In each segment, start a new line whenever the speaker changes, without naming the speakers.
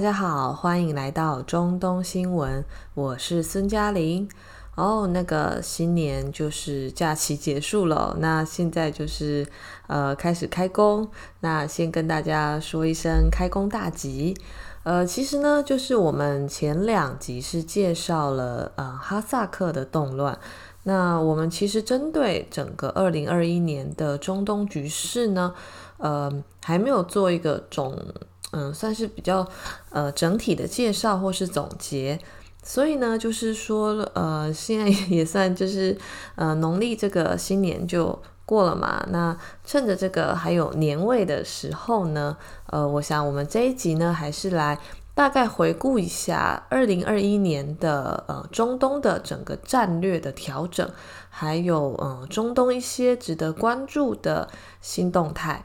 大家好，歡迎來到中東新聞，我是孫嘉玲。哦，那個新年就是假期結束了，那現在就是呃開始開工。那先跟大家說一聲開工大吉。呃，其實呢，就是我們前兩集是介紹了呃哈薩克的動亂。那我們其實針對整個二零二一年的中東局勢呢，呃，還沒有做一個總。嗯，算是比較呃整體的介紹或是總結，所以呢，就是說呃現在也算就是呃農曆這個新年就過了嘛，那趁着這個還有年味的時候呢，呃，我想我們這一集呢還是來大概回顧一下二零二一年的呃中東的整個戰略的調整，還有嗯、呃、中東一些值得關注的新動態。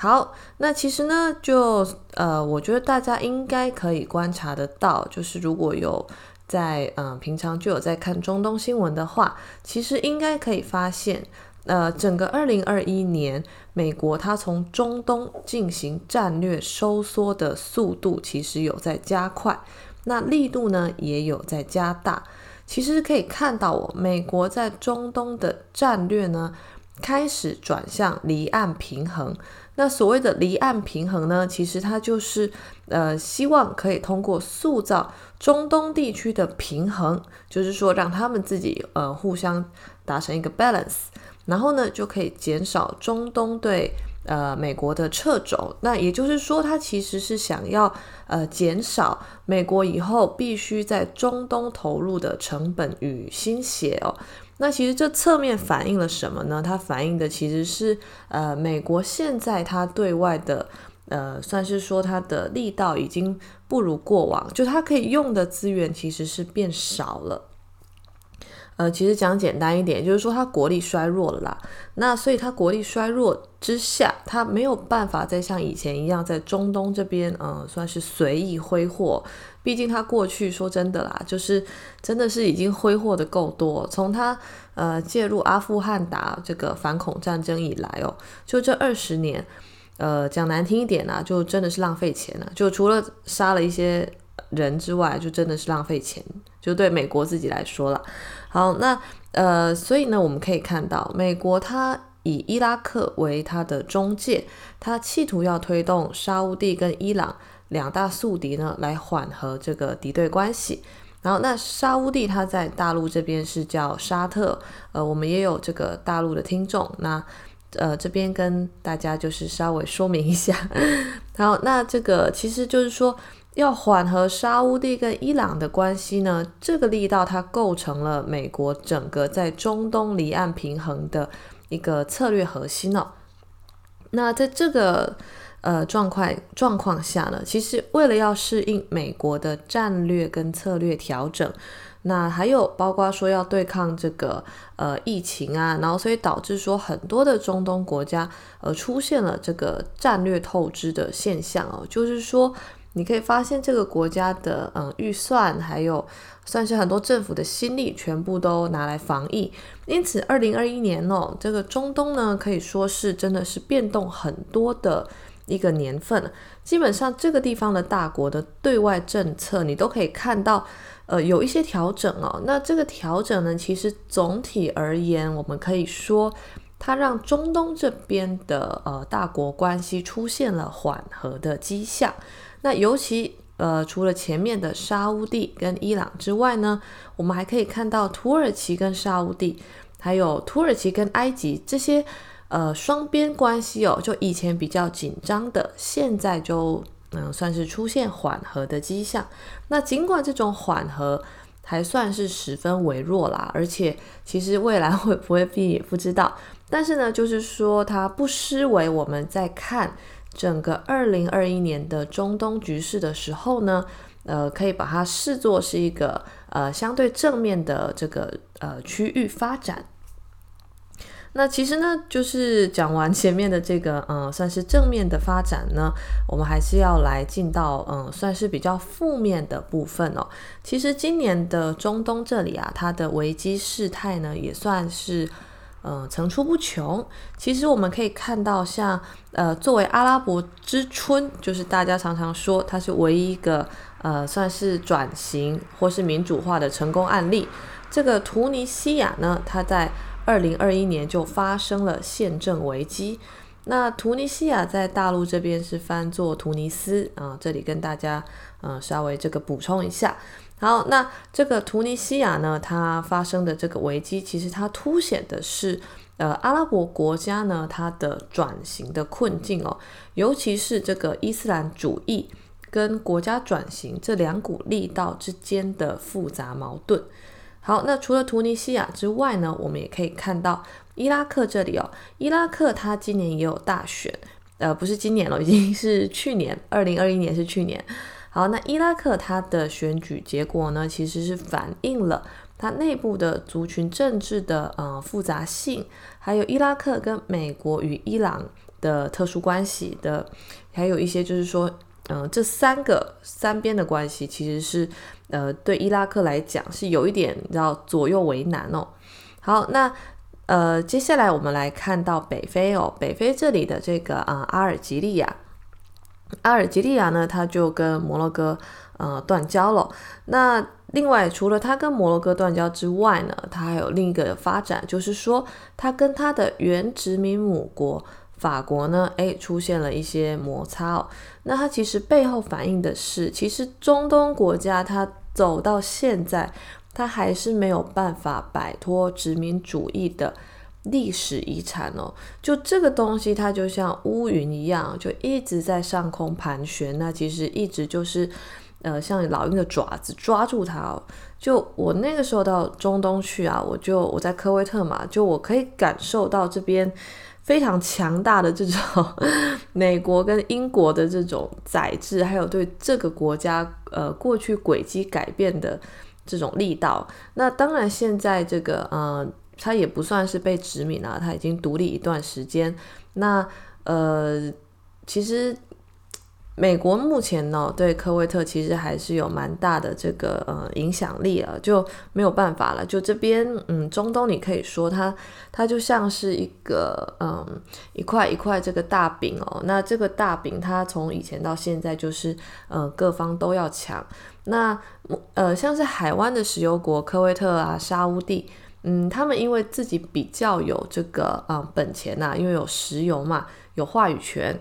好，那其實呢，就呃，我覺得大家應該可以觀察得到，就是如果有在嗯、呃、平常就有在看中東新聞的話，其實應該可以發現，呃，整個二零二一年，美國它從中東進行戰略收縮的速度其實有在加快，那力度呢也有在加大，其實可以看到，我美國在中東的戰略呢開始轉向離岸平衡。那所謂的離岸平衡呢？其實它就是，呃，希望可以通過塑造中東地區的平衡，就是說讓他們自己呃互相達成一個 balance，然後呢就可以減少中東對呃美國的掣肘。那也就是說，它其實是想要呃減少美國以後必須在中東投入的成本與心血哦。那其實這側面反映了什麼呢？它反映的其實是，呃，美國現在它對外的，呃，算是說它的力道已經不如過往，就它可以用的資源其實是變少了。呃，其實講簡單一點，就是說它國力衰弱了啦。那所以它國力衰弱之下，它沒有辦法再像以前一樣在中東這邊，嗯、呃，算是隨意揮霍。畢竟他過去說真的啦，就是真的是已經揮霍的夠多。從他呃介入阿富汗打這個反恐戰爭以來哦，就這二十年，呃講難聽一點呢、啊，就真的是浪費錢了、啊。就除了殺了一些人之外，就真的是浪費錢。就對美國自己來說了。好，那呃，所以呢，我們可以看到，美國它以伊拉克為它的中介，它企圖要推動沙烏地跟伊朗。兩大宿敵呢，來緩和這個敵對關係。然後，那沙烏地，它在大陸這邊是叫沙特。呃，我們也有這個大陸的聽眾，那呃，這邊跟大家就是稍微說明一下。然 後，那這個其實就是說，要緩和沙烏地跟伊朗的關係呢，這個力道它構成了美國整個在中東離岸平衡的一個策略核心哦。那在這個。呃，狀況狀況下呢，其實為了要適應美國的戰略跟策略調整，那還有包括說要對抗這個呃疫情啊，然後所以導致說很多的中東國家呃出現了這個戰略透支的現象哦，就是說你可以發現這個國家的嗯、呃、預算還有算是很多政府的心力全部都拿來防疫，因此二零二一年哦，這個中東呢可以說是真的是變動很多的。一個年份，基本上這個地方的大國的對外政策，你都可以看到，呃，有一些調整哦。那這個調整呢，其實總體而言，我們可以說，它讓中東這邊的呃，大國關係出現了緩和的跡象。那尤其呃，除了前面的沙烏地跟伊朗之外呢，我們還可以看到土耳其跟沙烏地，還有土耳其跟埃及這些。呃，雙邊關係哦，就以前比較緊張的，現在就嗯，算是出現緩和的跡象。那儘管這種緩和還算是十分微弱啦，而且其實未來會不會變也不知道。但是呢，就是說它不失為我們在看整個二零二一年的中東局勢的時候呢，呃，可以把它視作是一個呃相對正面的這個呃區域發展。那其實呢，就是講完前面的這個，嗯、呃，算是正面的發展呢，我們還是要來進到，嗯、呃，算是比較負面的部分哦。其實今年的中東這裡啊，它的危機事態呢，也算是，嗯、呃，層出不窮。其實我們可以看到，像，呃，作為阿拉伯之春，就是大家常常說它是唯一一個，呃，算是轉型或是民主化的成功案例。這個突尼西亞呢，它在二零二一年就發生了憲政危機。那突尼西亞在大陸這邊是翻作突尼斯啊，呃，這裡跟大家嗯、呃，稍微這個補充一下。好，那這個突尼西亞呢，它發生的這個危機，其實它凸顯的是，呃，阿拉伯國家呢，它的轉型的困境哦，尤其是這個伊斯蘭主義跟國家轉型這兩股力道之間的複雜矛盾。好，那除了突尼西亞之外呢，我們也可以看到伊拉克這裡哦。伊拉克它今年也有大選，呃，不是今年了，已經是去年，二零二一年是去年。好，那伊拉克它的選舉結果呢，其實是反映了它內部的族群政治的呃複雜性，還有伊拉克跟美國與伊朗的特殊關係的，還有一些就是說。嗯、呃，這三個三邊的關係其實是，呃，對伊拉克來講是有一點，要左右為難哦。好，那呃，接下來我們來看到北非哦，北非這裡的這個啊、呃，阿爾及利亞，阿爾及利亞呢，它就跟摩洛哥呃斷交了。那另外，除了它跟摩洛哥斷交之外呢，它還有另一個發展，就是說它跟它的原殖民母國法國呢，誒，出現了一些摩擦哦。那它其實背後反映的是，其實中東國家它走到現在，它還是沒有辦法擺脫殖民主義的歷史遺產哦。就這個東西，它就像烏雲一樣，就一直在上空盤旋。那其實一直就是，呃，像老鷹的爪子抓住它哦。就我那個時候到中東去啊，我就我在科威特嘛，就我可以感受到這邊。非常強大的這種美國跟英國的這種宰制，還有對這個國家呃過去軌跡改變的這種力道，那當然現在這個呃，他也不算是被殖民了，啊，他已經獨立一段時間。那呃，其實。美國目前呢、喔，對科威特其實還是有蠻大的這個呃、嗯、影響力了、啊，就沒有辦法了。就這邊，嗯，中東，你可以說它，它就像是一個嗯一塊一塊這個大餅哦、喔。那這個大餅，它從以前到現在就是呃、嗯、各方都要搶。那、嗯、呃像是海灣的石油國科威特啊、沙烏地，嗯，他們因為自己比較有這個呃、嗯、本錢吶、啊，因為有石油嘛，有話語權。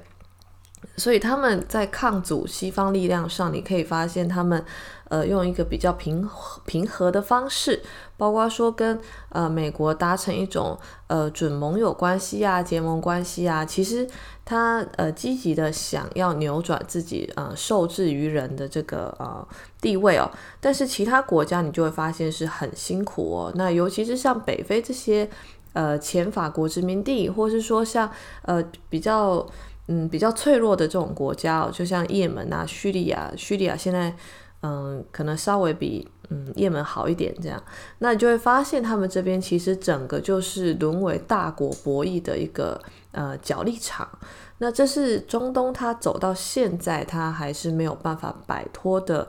所以他們在抗阻西方力量上，你可以發現他們，呃，用一個比較平平和的方式，包括說跟呃美國達成一種呃準盟友關係啊、結盟關係啊。其實他呃積極的想要扭轉自己呃受制於人的這個呃地位哦。但是其他國家你就會發現是很辛苦哦。那尤其是像北非這些呃前法國殖民地，或是說像呃比較。嗯，比較脆弱的這種國家哦，就像也門啊、敘利亞，敘利亞現在，嗯，可能稍微比嗯也門好一點這樣，那你就會發現他們這邊其實整個就是淪為大國博弈的一個呃角力場，那這是中東它走到現在它還是沒有辦法擺脫的，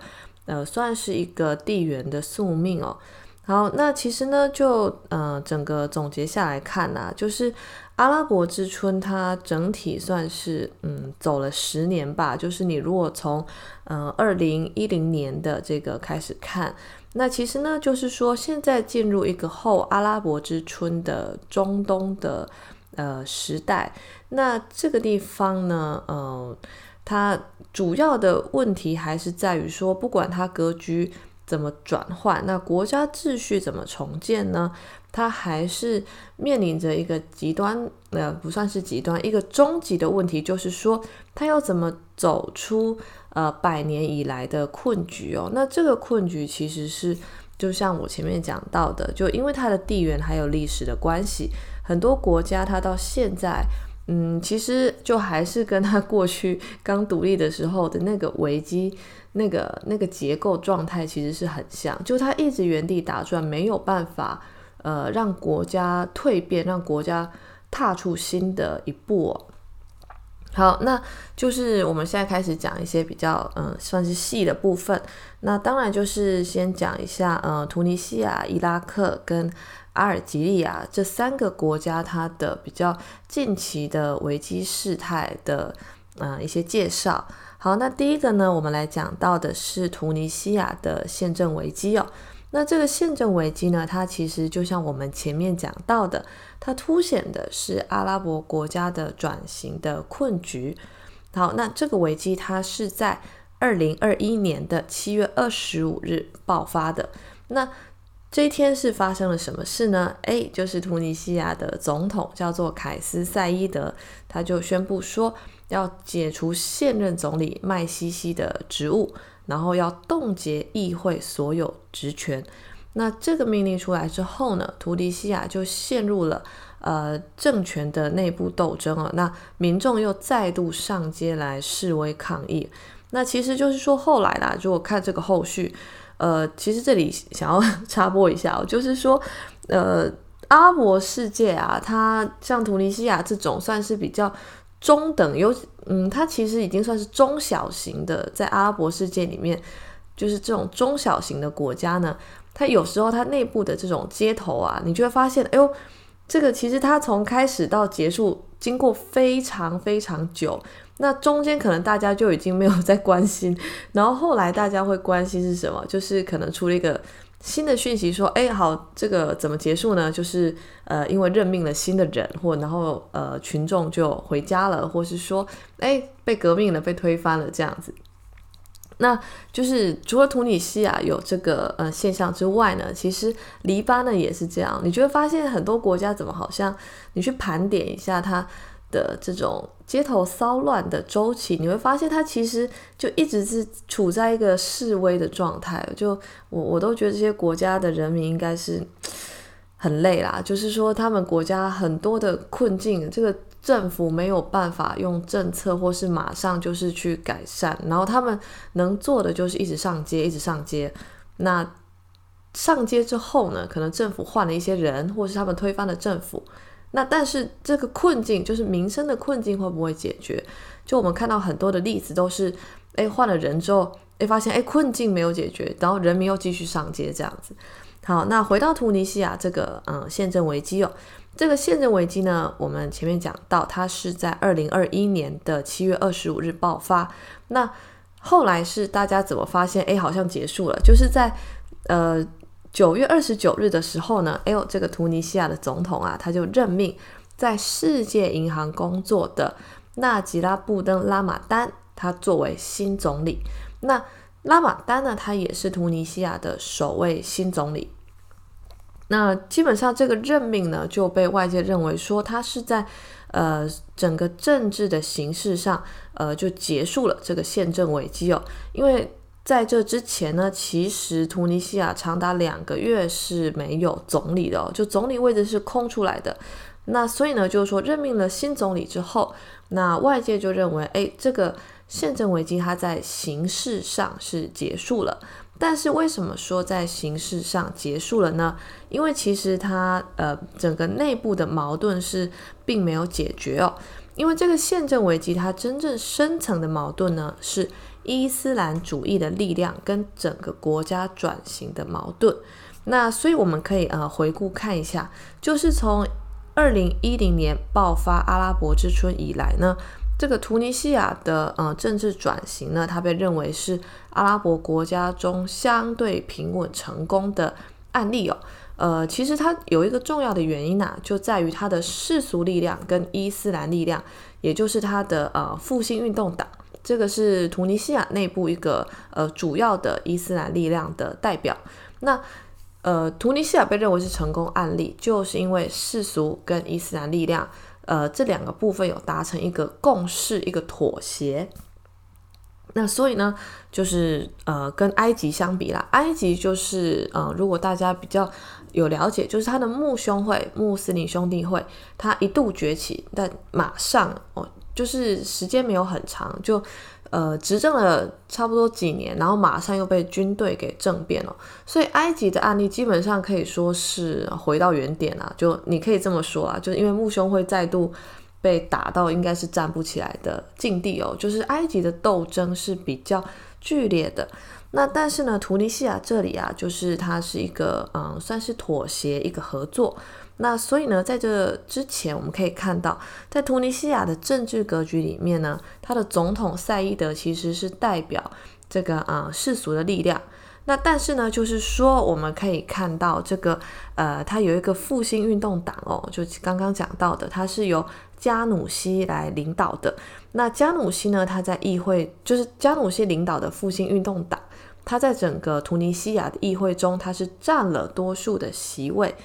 呃，算是一個地緣的宿命哦。好，那其實呢，就呃，整個總結下來看啦，啊。就是阿拉伯之春，它整體算是嗯走了十年吧。就是你如果從嗯二零一零年的這個開始看，那其實呢，就是說現在進入一個後阿拉伯之春的中東的呃時代。那這個地方呢，嗯、呃，它主要的問題還是在於說，不管它格局怎麼轉換？那國家秩序怎麼重建呢？它還是面臨着一個極端，呃，不算是極端，一個終極的問題，就是說，它要怎麼走出呃百年以來的困局哦。那這個困局其實是，就像我前面講到的，就因為它的地緣還有歷史的關係，很多國家它到現在。嗯，其實就還是跟他過去剛獨立的時候的那個危機，那個那個結構狀態其實是很像，就他一直原地打轉，沒有辦法呃讓國家蛻變，讓國家踏出新的一步哦。好，那就是我們現在開始講一些比較嗯、呃、算是細的部分，那當然就是先講一下呃突尼西亞、伊拉克跟。阿爾及利亞這三個國家，它的比較近期的危機事態的，嗯、呃，一些介紹。好，那第一個呢，我們來講到的是突尼西亞的憲政危機哦。那這個憲政危機呢，它其實就像我們前面講到的，它凸顯的是阿拉伯國家的轉型的困局。好，那這個危機它是在二零二一年的七月二十五日爆發的。那這一天是發生了什麼事呢？a 就是圖尼西亞的總統叫做凱斯賽伊德，他就宣布說要解除現任總理麥西西的職務，然後要凍結議會所有職權。那這個命令出來之後呢，圖尼西亞就陷入了呃政權的內部鬥爭了。那民眾又再度上街來示威抗議。那其實就是說後來啦，如果看這個後續。呃，其實這裡想要插播一下哦，就是說，呃，阿拉伯世界啊，它像突尼西亞這種，算是比較中等，尤其嗯，它其實已經算是中小型的，在阿拉伯世界裡面，就是這種中小型的國家呢，它有時候它內部的這種街頭啊，你就會發現，哎呦，這個其實它從開始到結束，經過非常非常久。那中間可能大家就已經沒有在關心，然後後來大家會關心是什麼？就是可能出了一個新的訊息，說，哎，好，這個怎麼結束呢？就是，呃，因為任命了新的人，或然後，呃，群眾就回家了，或是說，哎，被革命了，被推翻了，這樣子。那就是除了突尼西亞有這個呃現象之外呢，其實黎巴嫩也是這樣。你就會發現很多國家怎麼好像你去盤點一下它。的這種街頭騷亂的周期，你會發現它其實就一直是處在一個示威的狀態。就我我都覺得這些國家的人民應該是很累啦，就是說他們國家很多的困境，這個政府沒有辦法用政策或是馬上就是去改善，然後他們能做的就是一直上街，一直上街。那上街之後呢，可能政府換了一些人，或是他們推翻了政府。那但是這個困境，就是民生的困境，會不會解決？就我們看到很多的例子都是，哎換了人之後，哎發現哎困境沒有解決，然後人民又繼續上街這樣子。好，那回到圖尼西亞這個嗯憲政危機哦，這個憲政危機呢，我們前面講到它是在二零二一年的七月二十五日爆發。那後來是大家怎麼發現哎好像結束了？就是在呃。九月二十九日的時候呢、哎、呦，這個突尼西亞的總統啊，他就任命在世界銀行工作的納吉拉布登拉馬丹他作為新總理。那拉馬丹呢，他也是突尼西亞的首位新總理。那基本上這個任命呢，就被外界認為說他是在呃整個政治的形式上呃就結束了這個憲政危機哦，因為。在這之前呢，其實突尼西亞長達兩個月是沒有總理的，哦，就總理位置是空出來的。那所以呢，就是說任命了新總理之後，那外界就認為，誒，這個憲政危機它在形式上是結束了。但是為什麼說在形式上結束了呢？因為其實它呃整個內部的矛盾是並沒有解決哦。因為這個憲政危機它真正深層的矛盾呢是。伊斯蘭主義的力量跟整個國家轉型的矛盾，那所以我們可以呃回顧看一下，就是從二零一零年爆發阿拉伯之春以來呢，這個圖尼西亞的呃政治轉型呢，它被認為是阿拉伯國家中相對平穩成功的案例哦。呃，其實它有一個重要的原因吶、啊，就在於它的世俗力量跟伊斯蘭力量，也就是它的呃復興運動黨。這個是突尼西亞內部一個呃主要的伊斯蘭力量的代表。那呃，突尼西亞被認為是成功案例，就是因為世俗跟伊斯蘭力量呃這兩個部分有達成一個共識，一個妥協。那所以呢，就是呃跟埃及相比啦，埃及就是呃如果大家比較有了解，就是他的穆兄會、穆斯林兄弟會，他一度崛起，但馬上哦。就是時間沒有很長，就呃執政了差不多幾年，然後馬上又被軍隊給政變了，哦，所以埃及的案例基本上可以說是回到原點啊，就你可以這麼說啊，就是因為穆兄會再度被打到應該是站不起來的境地哦，就是埃及的鬥爭是比較劇烈的，那但是呢，圖尼西亞這裡啊，就是它是一個嗯算是妥協一個合作。那所以呢，在這之前，我們可以看到，在突尼西亞的政治格局裡面呢，他的總統賽義德其實是代表這個啊、呃、世俗的力量。那但是呢，就是說我們可以看到這個呃，他有一個復興運動黨哦，就剛剛講到的，它是由加努西來領導的。那加努西呢，他在議會就是加努西領導的復興運動黨，他在整個突尼西亞的議會中，他是佔了多數的席位。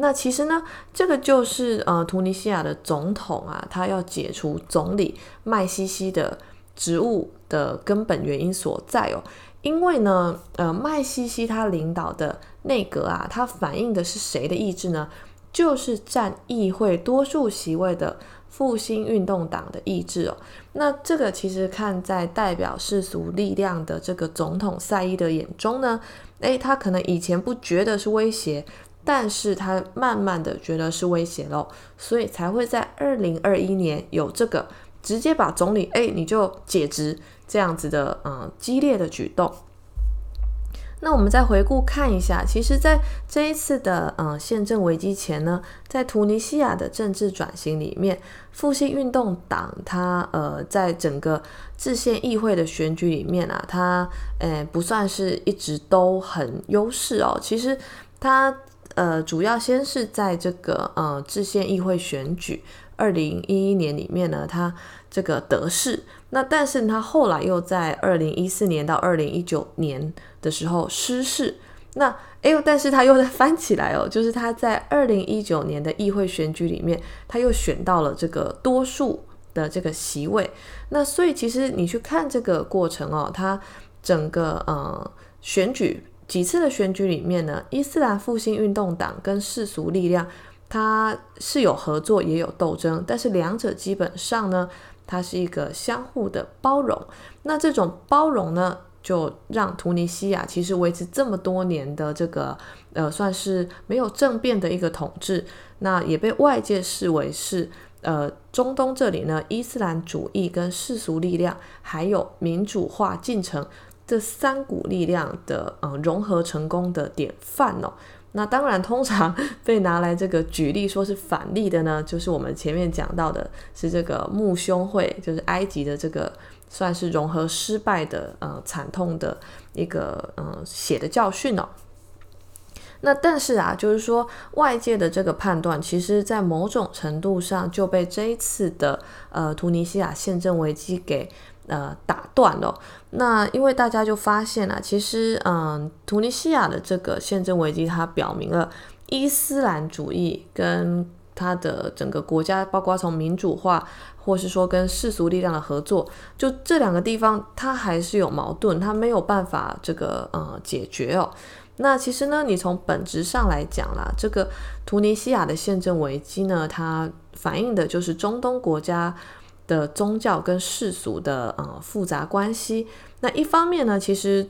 那其實呢，這個就是呃，突尼西亞的總統啊，他要解除總理麥西西的職務的根本原因所在哦。因為呢，呃，麥西西他領導的內閣啊，他反映的是誰的意志呢？就是佔議會多數席位的復興運動黨的意志哦。那這個其實看在代表世俗力量的這個總統賽伊德的眼中呢，誒，他可能以前不覺得是威脅。但是他慢慢的覺得是威脅嘍，所以才會在二零二一年有這個直接把總理誒、欸，你就解職這樣子的嗯、呃、激烈的舉動。那我們再回顧看一下，其實在這一次的嗯、呃、憲政危機前呢，在突尼西亞的政治轉型裡面，復興運動黨他呃在整個制憲議會的選舉裡面啊，他誒、呃、不算是一直都很優勢哦，其實他。呃，主要先是在這個呃，制憲議會選舉二零一一年裡面呢，他這個得勢。那但是他後來又在二零一四年到二零一九年的時候失勢。那哎呦，但是他又翻起來哦，就是他在二零一九年的議會選舉裡面，他又選到了這個多數的這個席位。那所以其實你去看這個過程哦，他整個呃選舉。幾次的選舉裡面呢，伊斯蘭復興運動黨跟世俗力量，它是有合作也有鬥爭，但是兩者基本上呢，它是一個相互的包容。那這種包容呢，就讓突尼西亞其實維持這麼多年的這個呃，算是沒有政變的一個統治，那也被外界視為是呃中東這裡呢伊斯蘭主義跟世俗力量還有民主化進程。這三股力量的嗯、呃，融合成功的典範哦，那當然通常被拿來這個舉例說是反例的呢，就是我們前面講到的是這個穆兄會，就是埃及的這個算是融合失敗的呃慘痛的一個嗯、呃、血的教訓哦。那但是啊，就是說外界的這個判斷，其實在某種程度上就被這一次的呃突尼西亞憲政危機給。呃，打斷了、哦。那因為大家就發現啦、啊、其實，嗯，突尼西亞的這個憲政危機，它表明了伊斯蘭主義跟它的整個國家，包括從民主化，或是說跟世俗力量的合作，就這兩個地方，它還是有矛盾，它沒有辦法這個呃、嗯、解決哦。那其實呢，你從本質上來講啦，這個突尼西亞的憲政危機呢，它反映的就是中東國家。的宗教跟世俗的呃複雜關係，那一方面呢，其實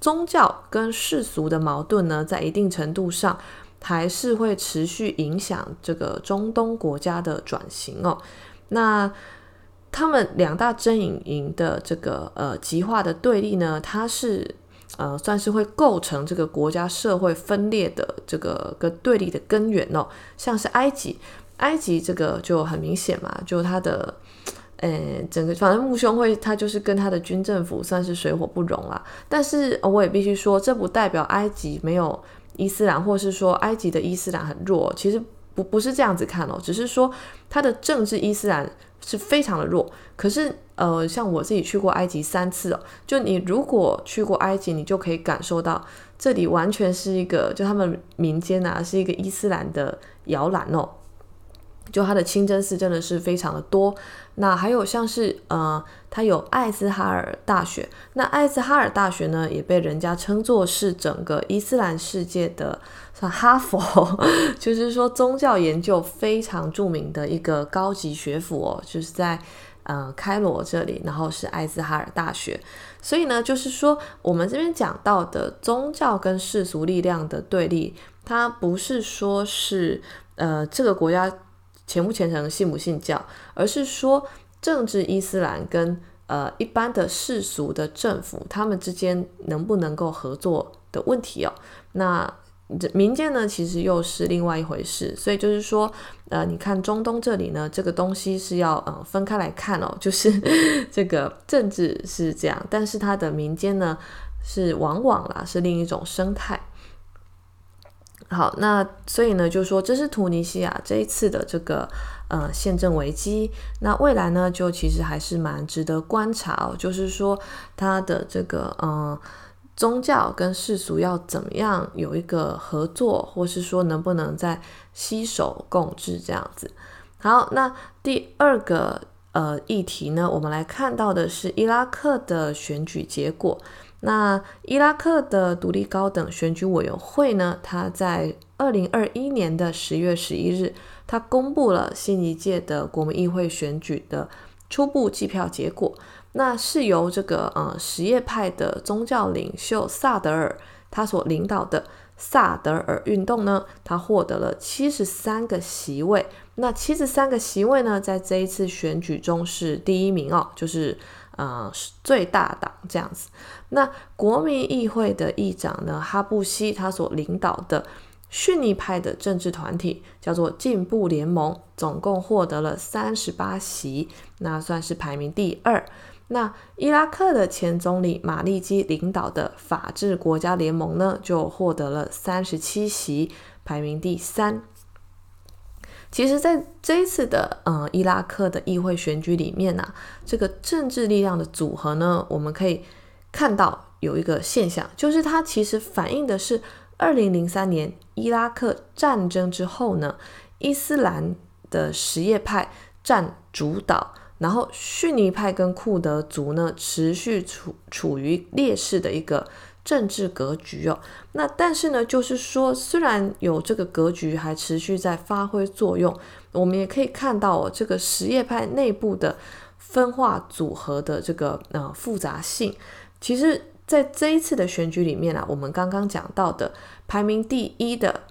宗教跟世俗的矛盾呢，在一定程度上還是會持續影響這個中東國家的轉型哦。那他們兩大陣營的這個呃極化的對立呢，它是呃算是會構成這個國家社會分裂的這個個對立的根源哦。像是埃及，埃及這個就很明顯嘛，就它的。呃，整個反正穆兄會他就是跟他的軍政府算是水火不容啦、啊。但是我也必須說，這不代表埃及沒有伊斯蘭，或是說埃及的伊斯蘭很弱。其實不不是這樣子看哦，只是說他的政治伊斯蘭是非常的弱。可是呃，像我自己去過埃及三次哦，就你如果去過埃及，你就可以感受到這裡完全是一個，就他們民間啊是一個伊斯蘭的搖籃哦。就他的清真寺真的是非常的多。那還有像是呃，它，有愛資哈爾大學。那愛資哈爾大學呢，也被人家稱作是整個伊斯蘭世界的算哈佛，就是說宗教研究非常著名的一個高級學府哦，就是在呃開羅這裡，然後是愛資哈爾大學。所以呢，就是說我們這邊講到的宗教跟世俗力量的對立，它不是說是呃這個國家虔不虔誠，信不信教，而是說政治伊斯蘭跟呃一般的世俗的政府，他們之間能不能夠合作的問題哦。那這民間呢，其實又是另外一回事。所以就是說，呃，你看中東這裡呢，這個東西是要嗯、呃、分開來看哦。就是呵呵這個政治是這樣，但是它的民間呢，是往往啦是另一種生態。好，那所以呢，就說這是突尼西亞這一次的這個呃憲政危機。那未來呢，就其實還是蠻值得觀察哦，就是說它的這個嗯、呃、宗教跟世俗要怎麼樣有一個合作，或是說能不能再攜手共治這樣子。好，那第二個呃議題呢，我們來看到的是伊拉克的選舉結果。那伊拉克的獨立高等選舉委員會呢，他在二零二一年的十月十一日，他公布了新一屆的國民議會選舉的初步計票結果。那是由這個呃什葉派的宗教領袖薩德爾，他所領導的薩德爾運動呢，他獲得了七十三個席位。那七十三個席位呢，在這一次選舉中是第一名哦，就是呃最大黨這樣子。那國民議會的議長呢？哈布西，他所領導的遜尼派的政治團體叫做進步聯盟，總共獲得了三十八席，那算是排名第二。那伊拉克的前總理馬利基領導的法治國家聯盟呢，就獲得了三十七席，排名第三。其實，在這一次的嗯、呃、伊拉克的議會選舉裡面呢、啊，這個政治力量的組合呢，我們可以。看到有一個現象，就是它其實反映的是二零零三年伊拉克戰爭之後呢，伊斯蘭的什葉派佔主導，然後遜尼派跟庫德族呢持續處處於劣勢的一個政治格局哦。那但是呢，就是說雖然有這個格局還持續在發揮作用，我們也可以看到哦，這個什葉派內部的分化組合的這個呃複雜性。其實，在這一次的選舉裡面啊，我們剛剛講到的排名第一的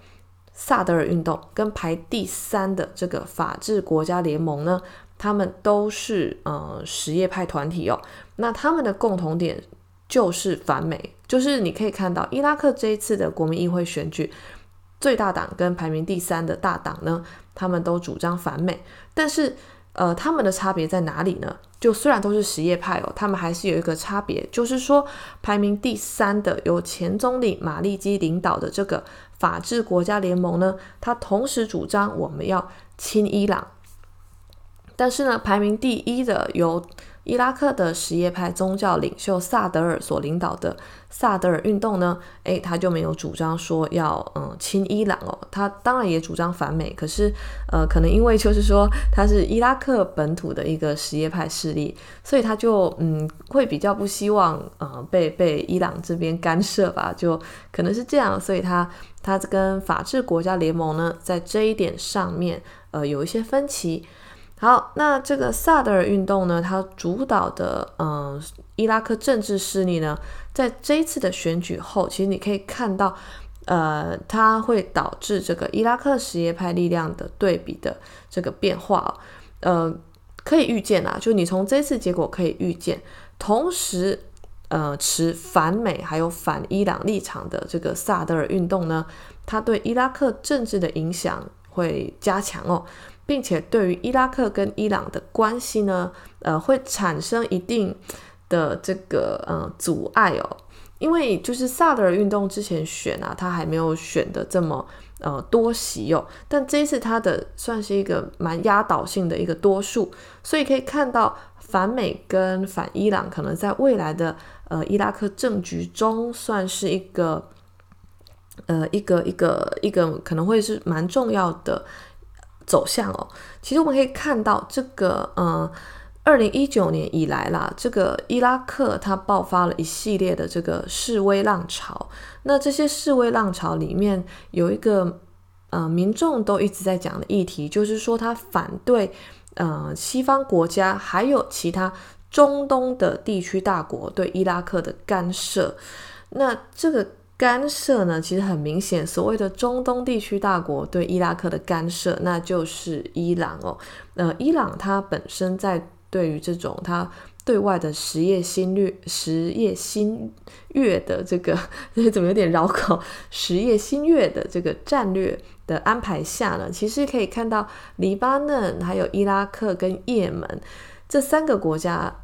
薩德爾運動，跟排第三的這個法治國家聯盟呢，他們都是呃什葉派團體哦。那他們的共同點就是反美，就是你可以看到伊拉克這一次的國民議會選舉，最大黨跟排名第三的大黨呢，他們都主張反美，但是呃，他們的差別在哪裡呢？就雖然都是什葉派哦，他們還是有一個差別，就是說排名第三的由前總理馬利基領導的這個法治國家聯盟呢，他同時主張我們要親伊朗，但是呢，排名第一的由。伊拉克的什葉派宗教領袖薩德爾所領導的薩德爾運動呢，哎，他就沒有主張說要嗯親伊朗哦，他當然也主張反美，可是呃，可能因為就是說他是伊拉克本土的一個什葉派勢力，所以他就嗯會比較不希望嗯、呃、被被伊朗這邊干涉吧，就可能是這樣，所以他他跟法治國家聯盟呢在這一點上面呃有一些分歧。好，那這個薩德爾運動呢？它主導的嗯，呃，伊拉克政治勢力呢，在這一次的選舉後，其實你可以看到，呃，它會導致這個伊拉克什葉派力量的對比的這個變化哦。呃，可以預見啊，就你從這一次結果可以預見，同時，呃，持反美還有反伊朗立場的這個薩德爾運動呢，它對伊拉克政治的影響會加強哦。並且對於伊拉克跟伊朗的關係呢，呃，會產生一定的這個呃阻礙哦。因為就是薩德爾運動之前選啊，他還沒有選的這麼呃多席哦。但這一次他的算是一個蠻壓倒性的一個多數，所以可以看到反美跟反伊朗可能在未來的呃伊拉克政局中算是一個呃一個一個一個可能會是蠻重要的。走向哦，其實我們可以看到，這個呃，2019年以來啦，這個伊拉克它爆發了一系列的這個示威浪潮。那這些示威浪潮裡面有一個呃，民眾都一直在講的議題，就是說他反對呃西方國家還有其他中東的地區大國對伊拉克的干涉。那這個。干涉呢，其實很明顯，所謂的中東地區大國對伊拉克的干涉，那就是伊朗哦。呃，伊朗它本身在對於這種它對外的什葉新月、什葉新月的這個，這怎麼有點繞口？什葉新月的這個戰略的安排下呢，其實可以看到，黎巴嫩、還有伊拉克跟葉門這三個國家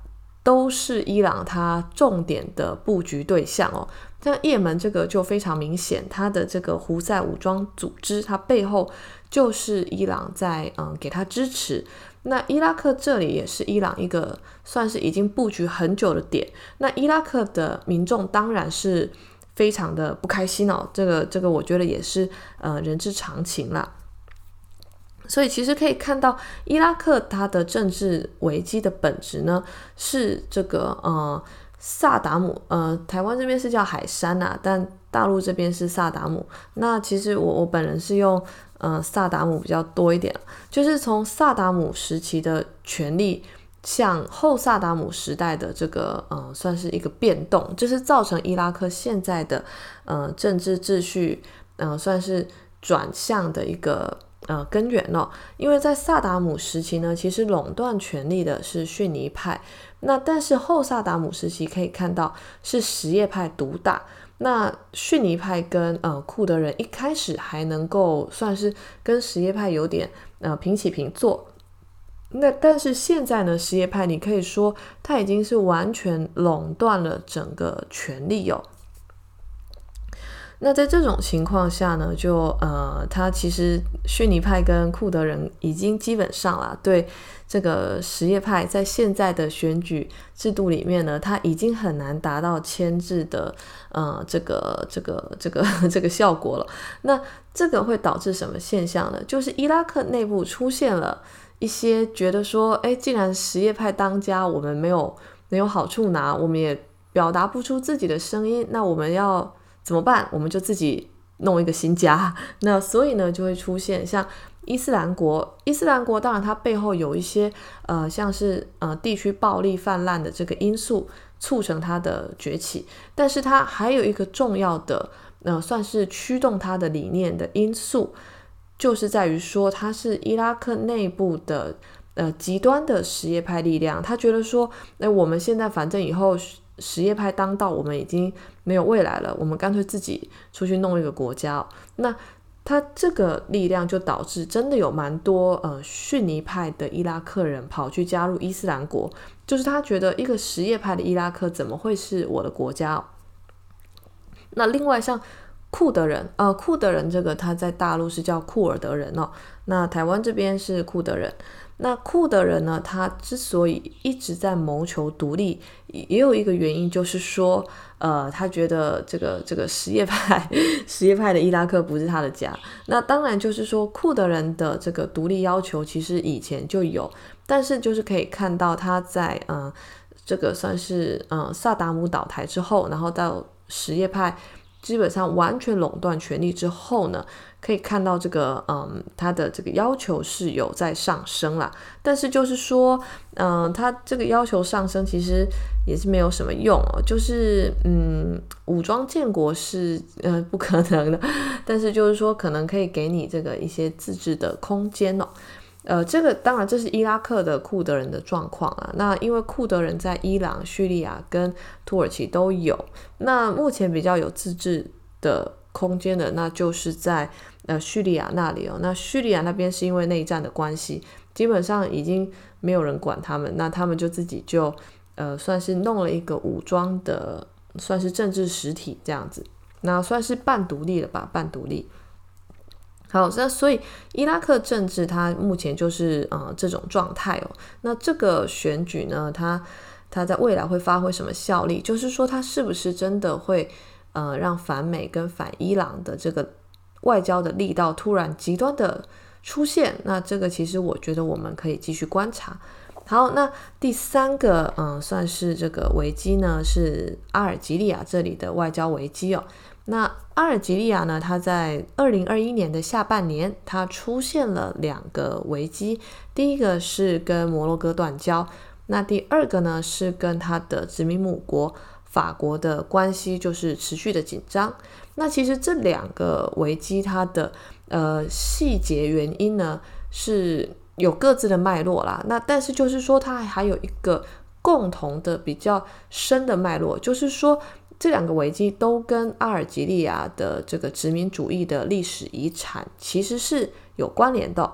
都是伊朗它重點的布局對象哦。像葉門這個就非常明顯，他的這個胡塞武裝組織，它背後就是伊朗在嗯給它支持。那伊拉克這裡也是伊朗一個算是已經布局很久的點。那伊拉克的民眾當然是非常的不開心哦，這個這個我覺得也是呃人之常情啦。所以其實可以看到，伊拉克它的政治危機的本質呢是這個呃。薩達姆，呃，台灣這邊是叫海珊吶、啊，但大陸這邊是薩達姆。那其實我我本人是用，呃，薩達姆比較多一點，就是從薩達姆時期的權力向後薩達姆時代的這個，呃，算是一個變動，就是造成伊拉克現在的，呃，政治秩序，嗯、呃，算是轉向的一個，呃，根源哦。因為在薩達姆時期呢，其實壟斷權力的是遜尼派。那但是後薩達姆時期，可以看到是什葉派獨大，那遜尼派跟呃庫德人一開始還能夠算是跟什葉派有點呃平起平坐，那但是現在呢，什葉派你可以說他已經是完全壟斷了整個權力喲、哦。那在這種情況下呢，就呃他其實遜尼派跟庫德人已經基本上了對。這個什葉派在現在的選舉制度裡面呢，他已經很難達到牽制的，呃，這個這個這個這個效果了。那這個會導致什麼現象呢？就是伊拉克內部出現了一些覺得說，誒，既然什葉派當家，我們沒有沒有好處拿，我們也表達不出自己的聲音，那我們要怎麼辦？我們就自己弄一個新家。那所以呢，就會出現像。伊斯蘭國，伊斯蘭國當然它背後有一些呃，像是呃地區暴力氾濫的這個因素促成它的崛起，但是它還有一個重要的，呃，算是驅動它的理念的因素，就是在於說它是伊拉克內部的呃極端的什葉派力量，他覺得說，那、呃、我們現在反正以後什什葉派當道，我們已經沒有未來了，我們乾脆自己出去弄一個國家，哦，那。他這個力量就導致真的有蠻多呃遜尼派的伊拉克人跑去加入伊斯蘭國，就是他覺得一個什葉派的伊拉克怎麼會是我的國家哦？那另外像庫德人，呃庫德人這個他在大陸是叫庫爾德人哦，那台灣這邊是庫德人。那庫德人呢？他之所以一直在謀求獨立，也有一個原因，就是說，呃，他覺得這個這個什葉派，什葉派的伊拉克不是他的家。那當然就是說，庫德人的這個獨立要求其實以前就有，但是就是可以看到他在嗯、呃，這個算是嗯、呃，薩達姆倒台之後，然後到什葉派。基本上完全壟斷權力之後呢，可以看到這個，嗯，他的這個要求是有在上升啦。但是就是說，嗯，他這個要求上升其實也是沒有什麼用哦。就是，嗯，武裝建國是，呃，不可能的。但是就是說，可能可以給你這個一些自治的空間哦。呃，這個當然，這是伊拉克的庫德人的狀況啊。那因為庫德人在伊朗、敘利亞跟土耳其都有。那目前比較有自治的空間的，那就是在呃敘利亞那裡哦。那敘利亞那邊是因為內戰的關係，基本上已經沒有人管他們，那他們就自己就呃算是弄了一個武裝的，算是政治實體這樣子。那算是半獨立了吧，半獨立。好，那所以伊拉克政治它目前就是呃這種狀態哦。那這個選舉呢，它它在未來會發揮什麼效力？就是說，它是不是真的會呃讓反美跟反伊朗的這個外交的力道突然極端的出現？那這個其實我覺得我們可以繼續觀察。好，那第三個嗯、呃、算是這個危機呢，是阿爾及利亞這裡的外交危機哦。那阿爾及利亞呢？它在二零二一年的下半年，它出現了兩個危機。第一個是跟摩洛哥斷交，那第二個呢是跟它的殖民母國法國的關係就是持續的緊張。那其實這兩個危機它的呃細節原因呢是有各自的脈絡啦。那但是就是說，它還有一個共同的比較深的脈絡，就是說。這兩個危機都跟阿爾及利亞的這個殖民主義的歷史遺產其實是有關聯的哦。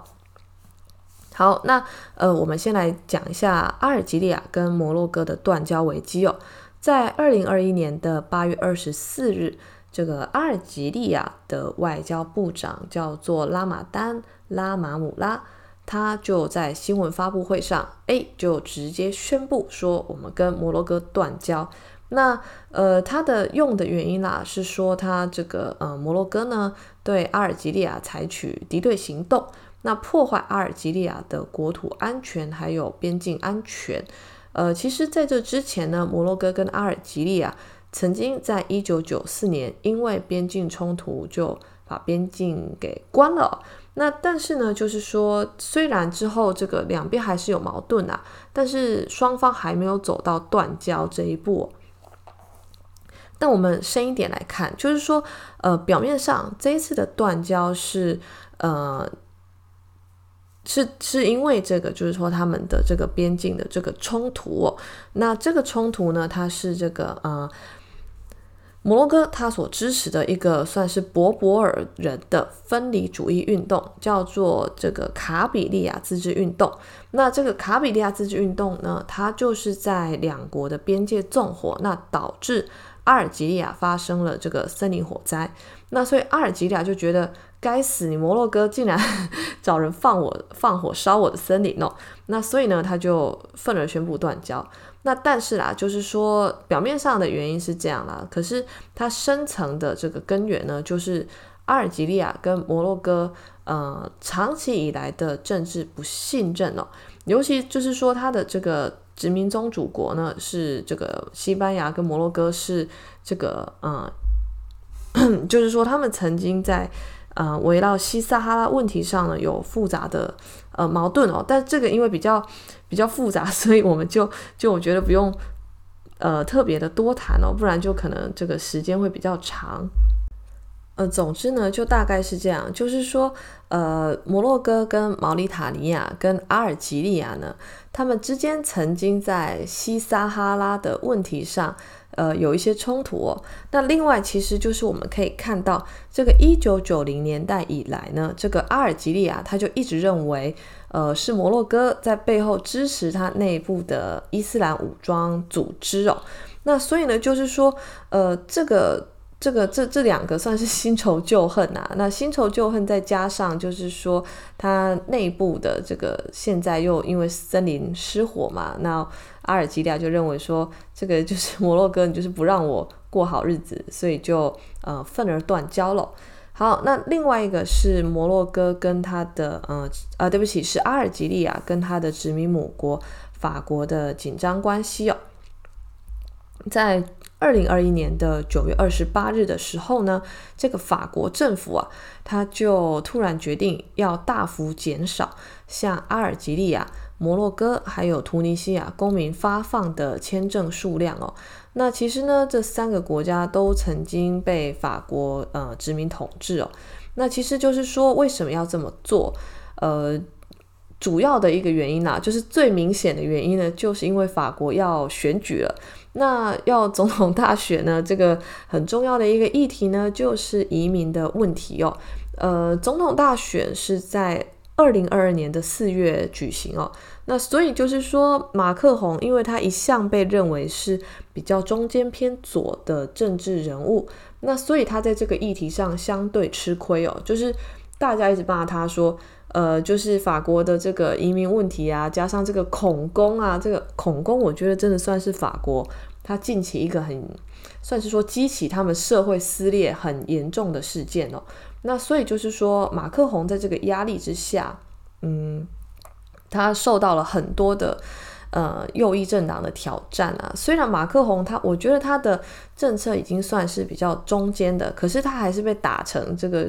好，那呃，我們先來講一下阿爾及利亞跟摩洛哥的斷交危機哦。在二零二一年的八月二十四日，這個阿爾及利亞的外交部長叫做拉馬丹·拉馬姆拉，他就在新聞發布會上，誒，就直接宣布說，我們跟摩洛哥斷交。那呃，它的用的原因啦，是說它這個呃，摩洛哥呢，對阿爾及利亞採取敵對行動，那破壞阿爾及利亞的國土安全還有邊境安全。呃，其實在這之前呢，摩洛哥跟阿爾及利亞曾經在一九九四年因為邊境衝突，就把邊境給關了。那但是呢，就是說雖然之後這個兩邊還是有矛盾啊，但是雙方還沒有走到斷交這一步。但我們深一點來看，就是說，呃，表面上這一次的斷交是，呃，是是因為這個，就是說他們的這個邊境的這個衝突哦。那這個衝突呢，它是這個呃摩洛哥它所支持的一個算是柏柏爾人的分離主義運動，叫做這個卡比利亞自治運動。那這個卡比利亞自治運動呢，它就是在兩國的邊界縱火，那導致。阿爾及利亞發生了這個森林火災，那所以阿爾及利亞就覺得該死，你摩洛哥竟然找人放我放火燒我的森林哦，那所以呢，他就憤而宣布斷交。那但是啦，就是說表面上的原因是這樣啦，可是它深層的這個根源呢，就是阿爾及利亞跟摩洛哥呃長期以來的政治不信任哦，尤其就是說他的這個。殖民宗主國呢是這個西班牙跟摩洛哥是這個嗯、呃，就是說他們曾經在呃圍繞西撒哈拉問題上呢有複雜的呃矛盾哦，但這個因為比較比較複雜，所以我們就就我覺得不用呃特別的多談哦，不然就可能這個時間會比較長。呃，總之呢，就大概是這樣，就是說，呃，摩洛哥跟毛里塔尼亞跟阿爾及利亞呢，他們之間曾經在西撒哈拉的問題上，呃，有一些衝突哦。那另外，其實就是我們可以看到，這個一九九零年代以來呢，這個阿爾及利亞他就一直認為，呃，是摩洛哥在背後支持他內部的伊斯蘭武裝組織哦。那所以呢，就是說，呃，這個。這個這這兩個算是新仇舊恨啊，那新仇舊恨再加上就是說，他內部的這個現在又因為森林失火嘛，那阿爾及利亞就認為說，這個就是摩洛哥，你就是不讓我過好日子，所以就呃憤而斷交了。好，那另外一個是摩洛哥跟他的呃啊、呃，對不起，是阿爾及利亞跟他的殖民母國法國的緊張關係哦，在。二零二一年的九月二十八日的時候呢，這個法國政府啊，他就突然決定要大幅減少向阿爾及利亞、摩洛哥還有突尼西亞公民發放的簽證數量哦。那其實呢，這三個國家都曾經被法國呃殖民統治哦。那其實就是說，為什麼要這麼做？呃，主要的一個原因呢、啊，就是最明顯的原因呢，就是因為法國要選舉了。那要總統大選呢，這個很重要的一個議題呢，就是移民的問題哦。呃，總統大選是在二零二二年的四月舉行哦。那所以就是說，馬克宏，因為他一向被認為是比較中間偏左的政治人物，那所以他在這個議題上相對吃虧哦，就是大家一直罵他說。呃，就是法國的這個移民問題啊，加上這個恐攻啊，這個恐攻，我覺得真的算是法國他近期一個很，算是說激起他們社會撕裂很嚴重的事件哦。那所以就是說，馬克宏在這個壓力之下，嗯，他受到了很多的。呃、嗯，右翼政黨的挑戰啊，雖然馬克宏他，我覺得他的政策已經算是比較中間的，可是他還是被打成這個，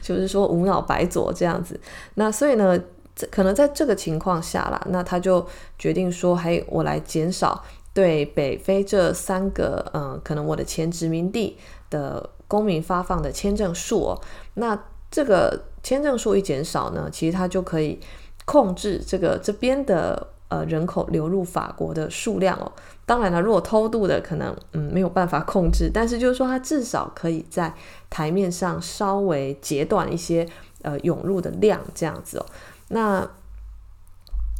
就是說無腦白左這樣子。那所以呢，可能在這個情況下啦，那他就決定說，嘿，我來減少對北非這三個嗯，可能我的前殖民地的公民發放的簽證數哦。那這個簽證數一減少呢，其實他就可以控制這個這邊的。呃，人口流入法國的數量哦，當然了，如果偷渡的可能嗯沒有辦法控制，但是就是說，它至少可以在台面上稍微截斷一些呃湧入的量這樣子哦。那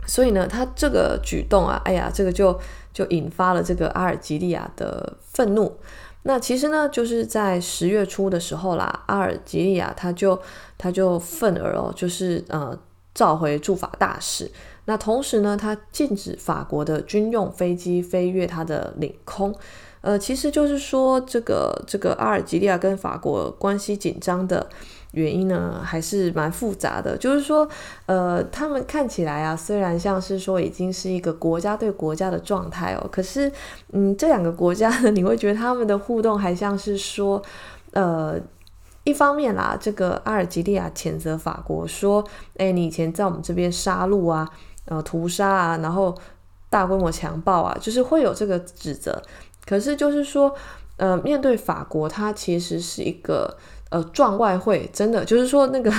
所以呢，他這個舉動啊，哎呀，這個就就引發了這個阿爾及利亞的憤怒。那其實呢，就是在十月初的時候啦，阿爾及利亞他就他就憤而哦，就是呃召回駐法大使。那同時呢，它禁止法國的軍用飛機飛越它的領空，呃，其實就是說這個這個阿爾及利亞跟法國關係緊張的原因呢，還是蠻複雜的。就是說，呃，他們看起來啊，雖然像是說已經是一個國家對國家的狀態哦，可是，嗯，這兩個國家呢，你會覺得他們的互動還像是說，呃，一方面啦，這個阿爾及利亞譴責法國說，哎、欸，你以前在我們這邊殺戮啊。呃，屠殺啊，然後大規模強暴啊，就是會有這個指責。可是就是說，呃，面對法國，它其實是一個呃賺外匯，真的就是說那個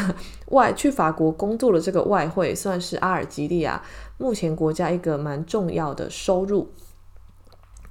外去法國工作的這個外匯，算是阿爾及利亞目前國家一個蠻重要的收入。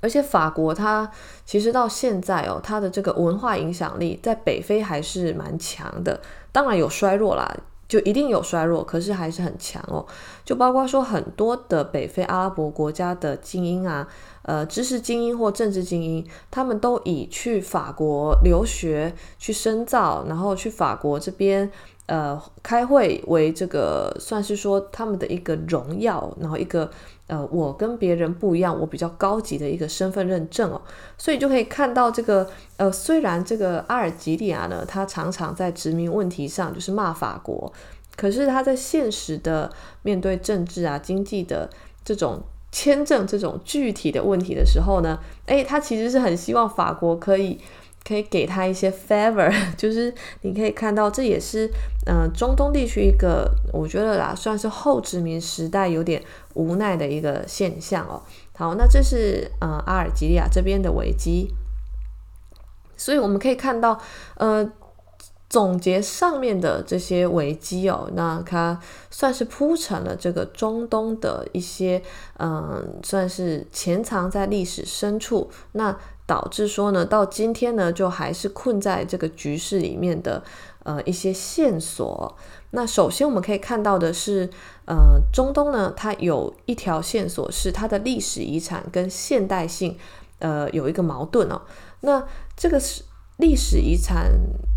而且法國它其實到現在哦，它的這個文化影響力在北非還是蠻強的，當然有衰落啦。就一定有衰弱，可是還是很強哦。就包括說很多的北非阿拉伯國家的精英啊，呃，知識精英或政治精英，他們都以去法國留學，去深造，然後去法國這邊。呃，開會為這個算是說他們的一個榮耀，然後一個呃，我跟別人不一樣，我比較高級的一個身份認證哦，所以就可以看到這個呃，雖然這個阿爾及利亞呢，他常常在殖民問題上就是罵法國，可是他在現實的面對政治啊、經濟的這種簽證這種具體的問題的時候呢，誒，他其實是很希望法國可以。可以給他一些 favor，就是你可以看到，這也是，嗯、呃，中東地區一個我覺得啦，算是後殖民時代有點無奈的一個現象哦。好，那這是嗯、呃、阿爾及利亞這邊的危機，所以我們可以看到，呃，總結上面的這些危機哦，那它算是鋪陳了這個中東的一些，嗯、呃，算是潛藏在歷史深處那。導致說呢，到今天呢，就還是困在這個局勢裡面的呃一些線索。那首先我們可以看到的是，呃，中東呢，它有一條線索是它的歷史遺產跟現代性呃有一個矛盾哦。那這個是歷史遺產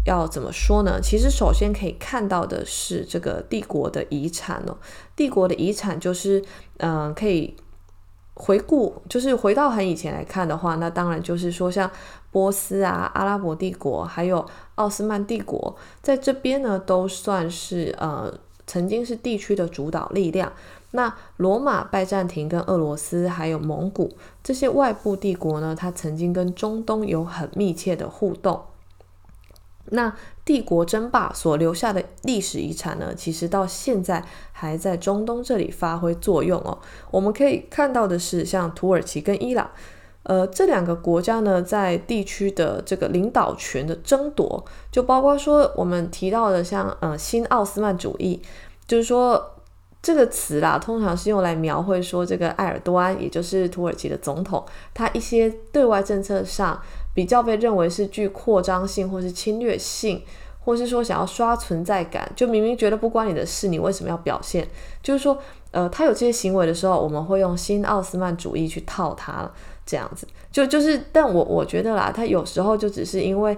要怎麼說呢？其實首先可以看到的是這個帝國的遺產哦，帝國的遺產就是嗯、呃、可以。回顧就是回到很以前來看的話，那當然就是說，像波斯啊、阿拉伯帝國，還有奧斯曼帝國，在這邊呢都算是呃曾經是地區的主導力量。那羅馬、拜占庭跟俄羅斯，還有蒙古這些外部帝國呢，它曾經跟中東有很密切的互動。那帝國爭霸所留下的歷史遺產呢，其實到現在還在中東這裡發揮作用哦。我們可以看到的是，像土耳其跟伊朗，呃，這兩個國家呢，在地區的這個領導權的爭奪，就包括說我們提到的像呃新奧斯曼主義，就是說這個詞啦，通常是用來描繪說這個埃爾多安，也就是土耳其的總統，他一些對外政策上。比較被認為是具擴張性或是侵略性，或是說想要刷存在感，就明明覺得不關你的事，你為什麼要表現？就是說，呃，他有這些行為的時候，我們會用新奧斯曼主義去套他，這樣子就就是，但我我覺得啦，他有時候就只是因為，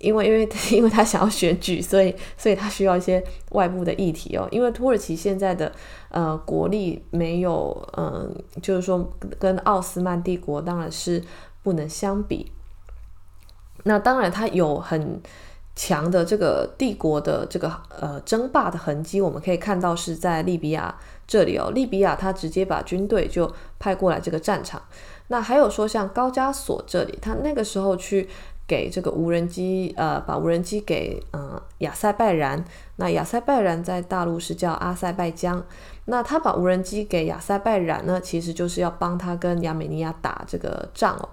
因為因為因為他想要選舉，所以所以他需要一些外部的議題哦，因為土耳其現在的呃國力沒有，嗯，就是說跟奧斯曼帝國當然是不能相比。那當然，它有很強的這個帝國的這個呃爭霸的痕跡，我們可以看到是在利比亞這裡哦。利比亞他直接把軍隊就派過來這個戰場。那還有說像高加索這裡，他那個時候去給這個無人機呃，把無人機給嗯、呃、亞塞拜然。那亞塞拜然在大陸是叫阿塞拜疆。那他把無人機給亞塞拜然呢，其實就是要幫他跟亞美尼亞打這個仗哦。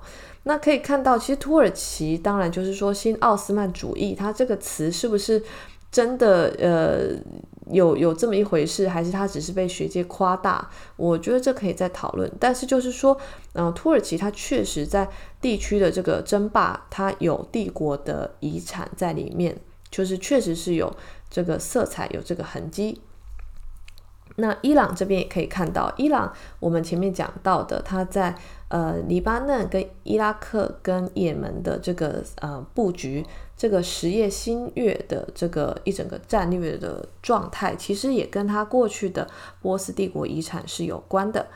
那可以看到，其實土耳其當然就是說新奧斯曼主義，它這個詞是不是真的？呃，有有這麼一回事，還是它只是被學界誇大？我覺得這可以再討論。但是就是說，嗯、呃，土耳其它確實在地區的這個爭霸，它有帝國的遺產在裡面，就是確實是有這個色彩，有這個痕跡。那伊朗這邊也可以看到，伊朗我們前面講到的，他在呃黎巴嫩、跟伊拉克、跟也門的這個呃布局，這個什葉新月的這個一整個戰略的狀態，其實也跟他過去的波斯帝國遺產是有關的。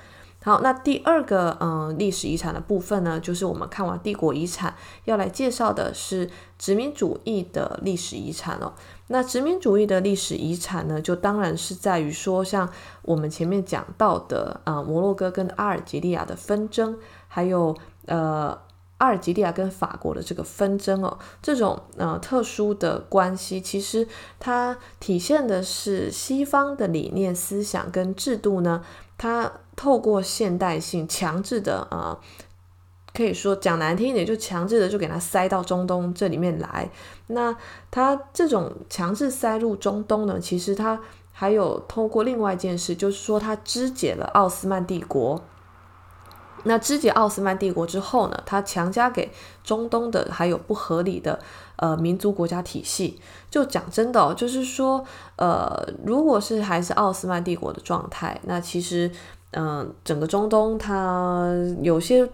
好，那第二個嗯、呃、歷史遺產的部分呢，就是我們看完帝國遺產要來介紹的是殖民主義的歷史遺產哦。那殖民主義的歷史遺產呢，就當然是在於說，像我們前面講到的，啊、呃，摩洛哥跟阿爾及利亞的紛爭，還有呃，阿爾及利亞跟法國的這個紛爭哦，這種呃特殊的關係，其實它體現的是西方的理念、思想跟制度呢，它透過現代性強制的啊。呃可以說講難聽一點，就強制的就給他塞到中東這裡面來。那他這種強制塞入中東呢，其實他還有透過另外一件事，就是說他肢解了奧斯曼帝國。那肢解奧斯曼帝國之後呢，他強加給中東的還有不合理的呃民族國家體系。就講真的哦，就是說呃，如果是還是奧斯曼帝國的狀態，那其實嗯、呃，整個中東它有些。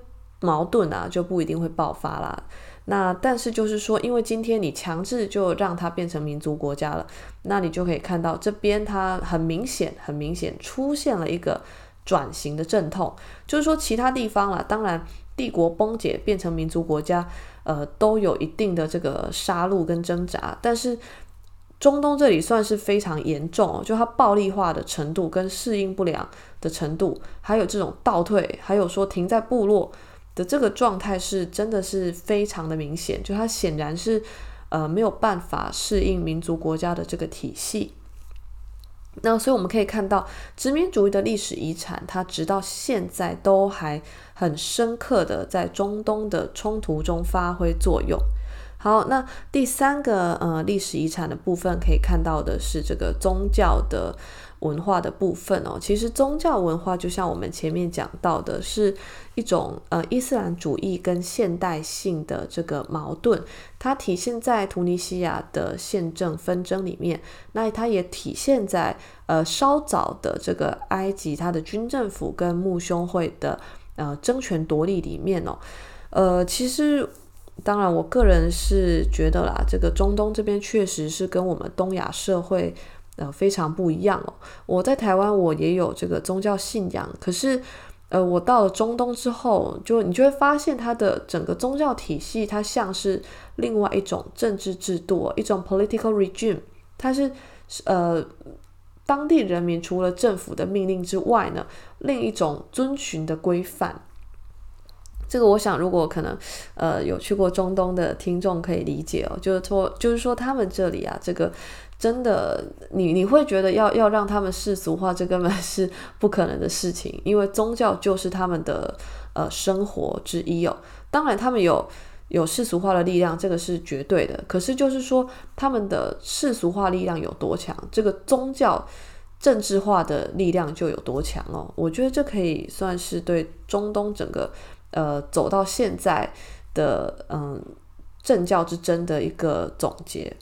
矛盾啊，就不一定會爆發啦。那但是就是說，因為今天你強制就讓它變成民族國家了，那你就可以看到這邊它很明顯、很明顯出現了一個轉型的陣痛。就是說，其他地方啦，當然帝國崩解變成民族國家，呃，都有一定的這個殺戮跟掙扎。但是中東這裡算是非常嚴重哦，就它暴力化的程度跟適應不良的程度，還有這種倒退，還有說停在部落。的這個狀態是真的是非常的明顯，就它顯然是，呃，沒有辦法適應民族國家的這個體系。那所以我們可以看到，殖民主義的歷史遺產，它直到現在都還很深刻的在中東的衝突中發揮作用。好，那第三個呃歷史遺產的部分，可以看到的是這個宗教的。文化的部分哦，其實宗教文化就像我們前面講到的，是一種呃伊斯蘭主義跟現代性的這個矛盾，它體現在突尼西亞的憲政紛爭裡面，那它也體現在呃稍早的這個埃及它的軍政府跟穆兄會的呃爭權奪利裡面哦，呃，其實當然我個人是覺得啦，這個中東這邊確實是跟我們東亞社會。呃，非常不一樣哦。我在台灣，我也有這個宗教信仰，可是，呃，我到了中東之後，就你就會發現它的整個宗教體系，它像是另外一種政治制度，一種 political regime，它是呃，當地人民除了政府的命令之外呢，另一種遵循的規範。這個我想，如果可能，呃，有去過中東的聽眾可以理解哦，就是說，就是說，他們這裡啊，這個真的，你你會覺得要要讓他們世俗化，這根本是不可能的事情，因為宗教就是他們的呃生活之一哦。當然，他們有有世俗化的力量，這個是絕對的。可是，就是說，他們的世俗化力量有多強，這個宗教政治化的力量就有多強哦。我覺得這可以算是對中東整個。呃，走到現在的嗯政教之爭的一個總結。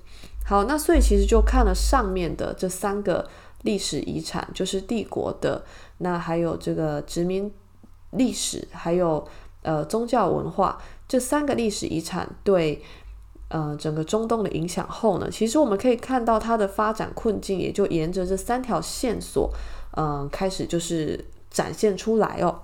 好，那所以其實就看了上面的這三個歷史遺產，就是帝國的，那還有這個殖民歷史，還有呃宗教文化這三個歷史遺產對呃整個中東的影響後呢，其實我們可以看到它的發展困境，也就沿着這三條線索，嗯、呃，開始就是展現出來哦。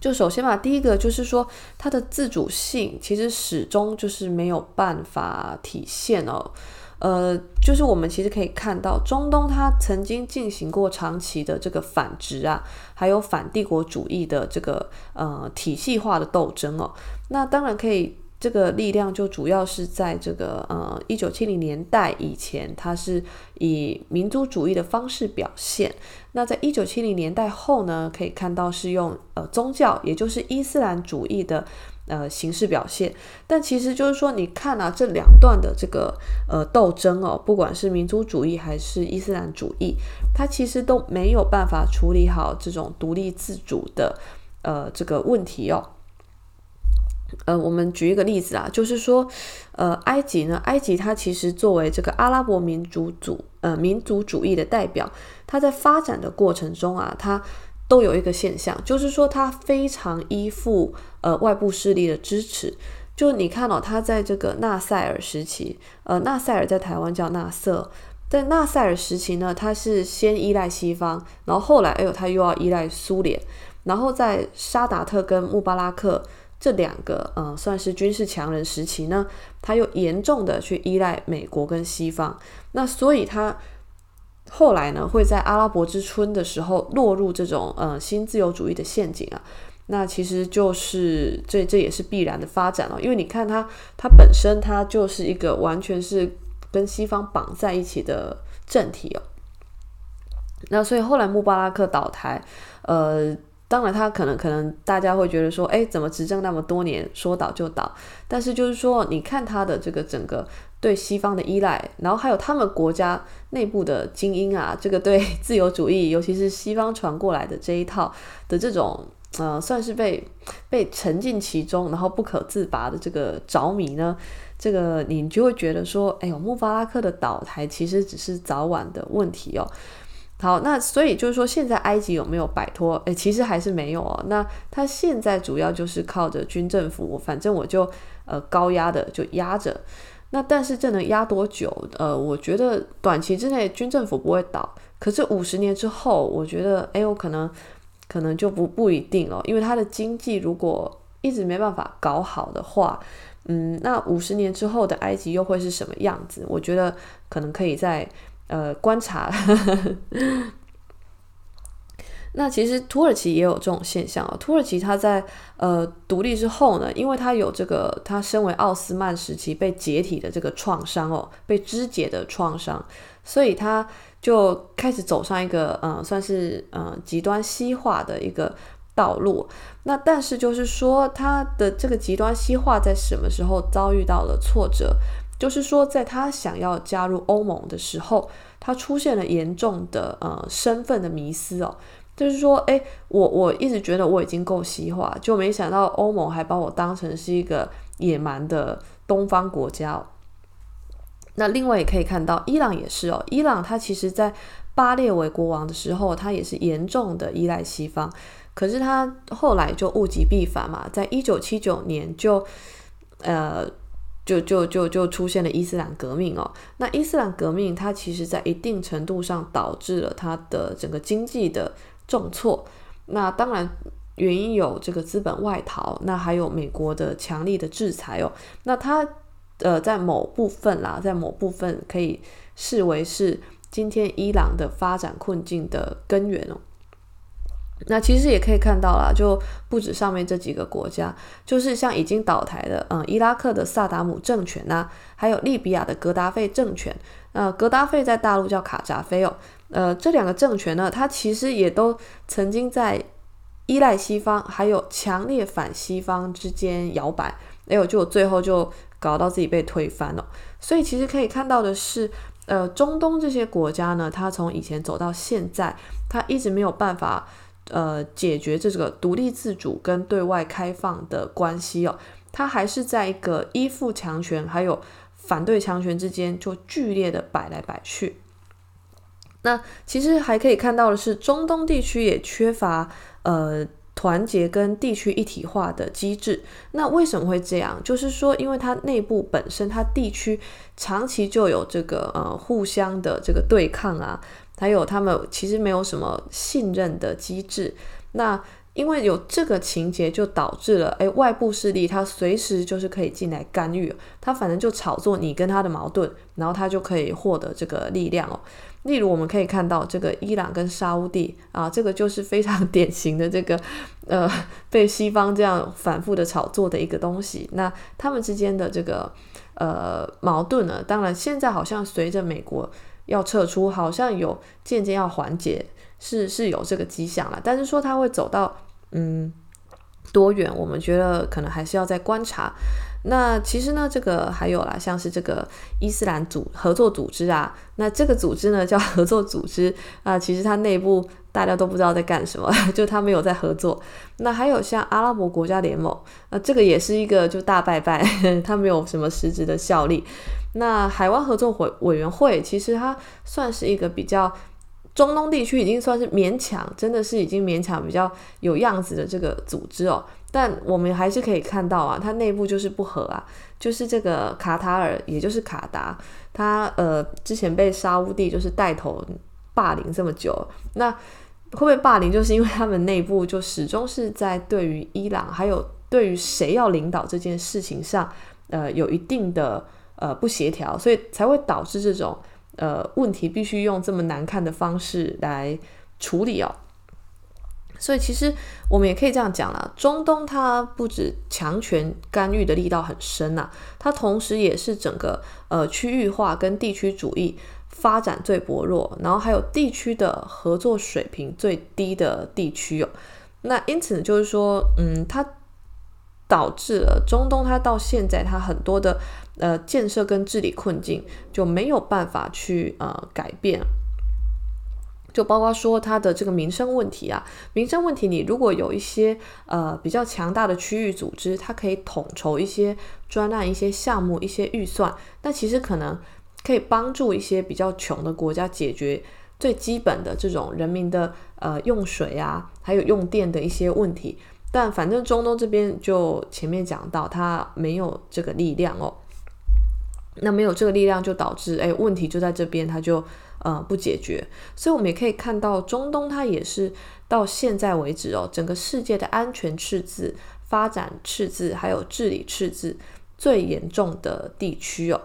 就首先嘛，第一個就是說，它的自主性其實始終就是沒有辦法體現哦。呃，就是我們其實可以看到，中東它曾經進行過長期的這個反殖啊，還有反帝國主義的這個呃體系化的鬥爭哦。那當然可以。這個力量就主要是在這個呃一九七零年代以前，它是以民族主義的方式表現。那在一九七零年代後呢，可以看到是用呃宗教，也就是伊斯蘭主義的呃形式表現。但其實就是說，你看啊，這兩段的這個呃鬥爭哦，不管是民族主義還是伊斯蘭主義，它其實都沒有辦法處理好這種獨立自主的呃這個問題哦。呃，我們舉一個例子啊，就是說，呃，埃及呢，埃及它其實作為這個阿拉伯民族主呃民族主義的代表，它在發展的過程中啊，它都有一個現象，就是說它非常依附呃外部勢力的支持。就你看哦，它在這個納塞爾時期，呃，納塞爾在台灣叫納瑟，在納塞爾時期呢，它是先依賴西方，然後後來，哎呦，它又要依賴蘇聯，然後在沙達特跟穆巴拉克，這兩個嗯、呃，算是軍事強人時期呢，他又嚴重地去依賴美國跟西方，那所以他後來呢會在阿拉伯之春的時候落入這種嗯、呃，新自由主義的陷阱啊。那其實就是這這也是必然的發展哦，因為你看他他本身他就是一個完全是跟西方綁在一起的政體哦。那所以後來穆巴拉克倒台，呃。當然，他可能可能大家會覺得說，誒，怎麼執政那麼多年，說倒就倒？但是就是說，你看他的這個整個對西方的依賴，然後還有他們國家內部的精英啊，這個對自由主義，尤其是西方傳過來的這一套的這種，呃，算是被被沉浸其中，然後不可自拔的這個着迷呢，這個你就會覺得說，哎呦，穆巴拉克的倒台其實只是早晚的問題哦。好，那所以就是說，現在埃及有沒有擺脫？欸，其實還是沒有哦。那他現在主要就是靠着軍政府，我反正我就呃高壓的就壓着。那但是這能壓多久？呃，我覺得短期之內軍政府不會倒，可是五十年之後，我覺得，欸，我可能可能就不不一定哦，因為他的經濟如果一直沒辦法搞好的話，嗯，那五十年之後的埃及又會是什麼樣子？我覺得可能可以在。呃，觀察。 那其實土耳其也有這種現象哦。土耳其它在呃獨立之後呢，因為它有這個，它身為奧斯曼時期被解體的這個創傷哦，被肢解的創傷，所以它就開始走上一個嗯、呃，算是嗯、呃、極端西化的一個道路。那但是就是說，它的這個極端西化在什麼時候遭遇到了挫折？就是說，在他想要加入歐盟的時候，他出現了嚴重的呃身份的迷失哦。就是說，誒、欸，我我一直覺得我已經夠西化，就沒想到歐盟還把我當成是一個野蠻的東方國家哦。那另外也可以看到，伊朗也是哦。伊朗他其實在巴列維國王的時候，他也是嚴重的依賴西方，可是他後來就物極必反嘛，在一九七九年就呃。就就就就出現了伊斯蘭革命哦，那伊斯蘭革命它其實在一定程度上導致了它的整個經濟的重挫，那當然原因有這個資本外逃，那還有美國的強力的制裁哦，那它呃在某部分啦，在某部分可以視為是今天伊朗的發展困境的根源哦。那其實也可以看到啦，就不止上面這幾個國家，就是像已經倒台的，嗯、呃，伊拉克的薩達姆政權吶、啊，還有利比亞的格達費政權。呃，格達費在大陸叫卡扎菲哦。呃，這兩個政權呢，它其實也都曾經在依賴西方還有強烈反西方之間搖擺，哎呦，就最後就搞到自己被推翻了、哦。所以其實可以看到的是，呃，中東這些國家呢，它從以前走到現在，它一直沒有辦法。呃，解決這個獨立自主跟對外開放的關係哦，它還是在一個依附強權還有反對強權之間就劇烈的擺來擺去。那其實還可以看到的是，中東地區也缺乏呃團結跟地區一體化的機制。那為什麼會這樣？就是說，因為它內部本身它地區長期就有這個呃互相的這個對抗啊。還有他們其實沒有什麼信任的機制，那因為有這個情節，就導致了哎，外部勢力他隨時就是可以進來干預，他反正就炒作你跟他的矛盾，然後他就可以獲得這個力量哦。例如我們可以看到這個伊朗跟沙烏地啊，這個就是非常典型的這個呃被西方這樣反復的炒作的一個東西。那他們之間的這個呃矛盾呢，當然現在好像隨着美國。要撤出，好像有漸漸要緩解，是是有這個跡象了。但是說它會走到嗯多遠，我們覺得可能還是要再觀察。那其實呢，這個還有啦，像是這個伊斯蘭組合作組織啊，那這個組織呢叫合作組織啊、呃，其實它內部大家都不知道在幹什麼，就它沒有在合作。那還有像阿拉伯國家聯盟啊、呃，這個也是一個就大拜拜，呵呵它沒有什麼實質的效力。那海灣合作委委員會其實它算是一個比較中東地區已經算是勉強，真的是已經勉強比較有樣子的這個組織哦。但我們還是可以看到啊，它內部就是不和啊，就是這個卡塔爾，也就是卡達，它呃之前被沙烏地就是帶頭霸凌這麼久，那會不會霸凌，就是因為他們內部就始終是在對於伊朗還有對於誰要領導這件事情上，呃，有一定的。呃，不協調，所以才會導致這種呃問題，必須用這麼難看的方式來處理哦。所以其實我們也可以這樣講啦，中東它不止強權干預的力道很深吶啊，它同時也是整個呃區域化跟地區主義發展最薄弱，然後還有地區的合作水平最低的地區哦。那因此就是說，嗯，它導致了中東，它到現在它很多的。呃，建設跟治理困境就沒有辦法去呃改變，就包括說它的這個民生問題啊，民生問題你如果有一些呃比較強大的區域組織，它可以統籌一些專案、一些項目、一些預算，那其實可能可以幫助一些比較窮的國家解決最基本的這種人民的呃用水啊，還有用電的一些問題。但反正中東這邊就前面講到，它沒有這個力量哦。那沒有這個力量，就導致哎問題就在這邊，它就呃不解決。所以我們也可以看到，中東它也是到現在為止哦，整個世界的安全赤字、發展赤字還有治理赤字最嚴重的地區哦。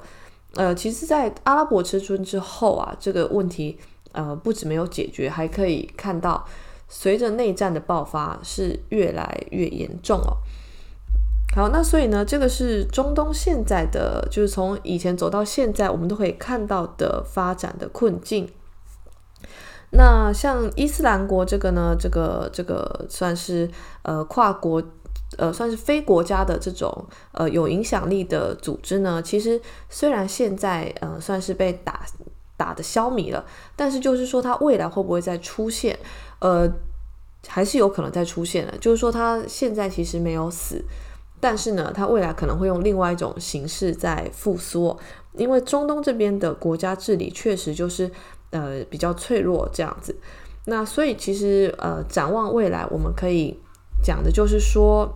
呃，其實，在阿拉伯之春之後啊，這個問題呃不止沒有解決，還可以看到隨着內戰的爆發是越來越嚴重哦。好，那所以呢，這個是中東現在的，就是從以前走到現在，我們都可以看到的發展的困境。那像伊斯蘭國這個呢，這個這個算是呃跨國呃算是非國家的這種呃有影響力的組織呢，其實雖然現在呃算是被打打得消弭了，但是就是說它未來會不會再出現？呃，還是有可能再出現的，就是說它現在其實沒有死。但是呢，它未來可能會用另外一種形式在復甦，因為中東這邊的國家治理確實就是呃比較脆弱這樣子。那所以其實呃展望未來，我們可以講的就是說，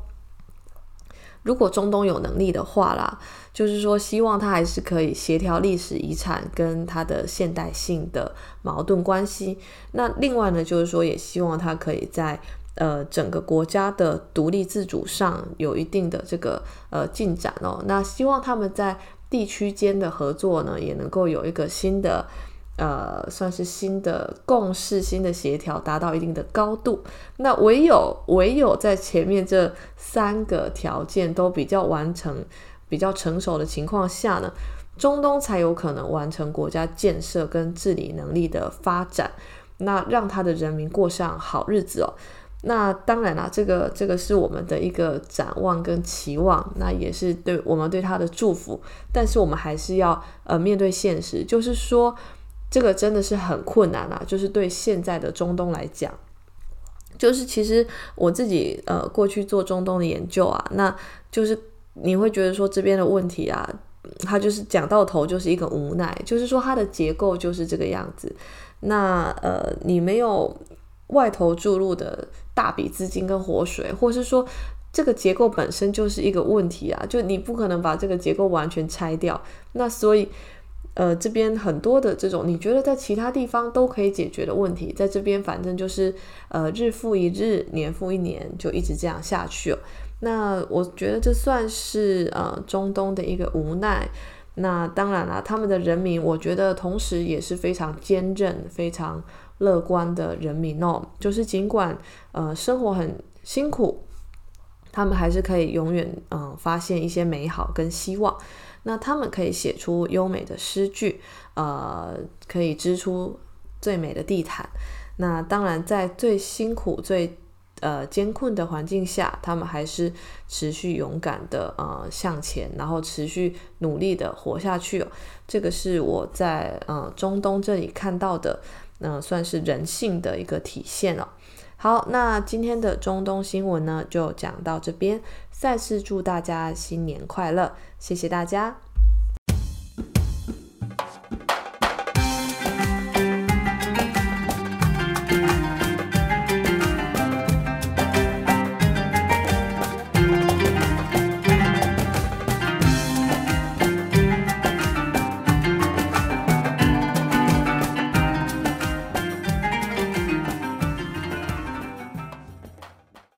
如果中東有能力的話啦，就是說希望它還是可以協調歷史遺產跟它的現代性的矛盾關係。那另外呢，就是說也希望它可以在呃，整個國家的獨立自主上有一定的這個呃進展哦。那希望他們在地區間的合作呢，也能夠有一個新的呃，算是新的共識、新的協調，達到一定的高度。那唯有唯有在前面這三個條件都比較完成、比較成熟的情況下呢，中東才有可能完成國家建設跟治理能力的發展，那讓他的人民過上好日子哦。那當然啦，這個這個是我們的一個展望跟期望，那也是對我們對他的祝福。但是我們還是要呃面對現實，就是說，這個真的是很困難啊。就是對現在的中東來講，就是其實我自己呃過去做中東的研究啊，那就是你會覺得說，這邊的問題啊，它就是講到頭就是一個無奈，就是說它的結構就是這個樣子。那呃你沒有。外頭注入的大筆資金跟活水，或是說這個結構本身就是一個問題啊！就你不可能把這個結構完全拆掉。那所以，呃，這邊很多的這種你覺得在其他地方都可以解決的問題，在這邊反正就是呃日復一日、年復一年，就一直這樣下去哦。那我覺得這算是呃中東的一個無奈。那當然啦，他們的人民我覺得同時也是非常堅韌、非常。樂觀的人民哦，就是儘管呃生活很辛苦，他們還是可以永遠嗯、呃、發現一些美好跟希望。那他們可以寫出優美的詩句，呃，可以織出最美的地毯。那當然，在最辛苦、最呃艱困的環境下，他們還是持續勇敢的呃向前，然後持續努力的活下去哦。這個是我在呃中東這裡看到的。那算是人性的一個體現了哦。好，那今天的中東新聞呢，就講到這邊。再次祝大家新年快樂，謝謝大家。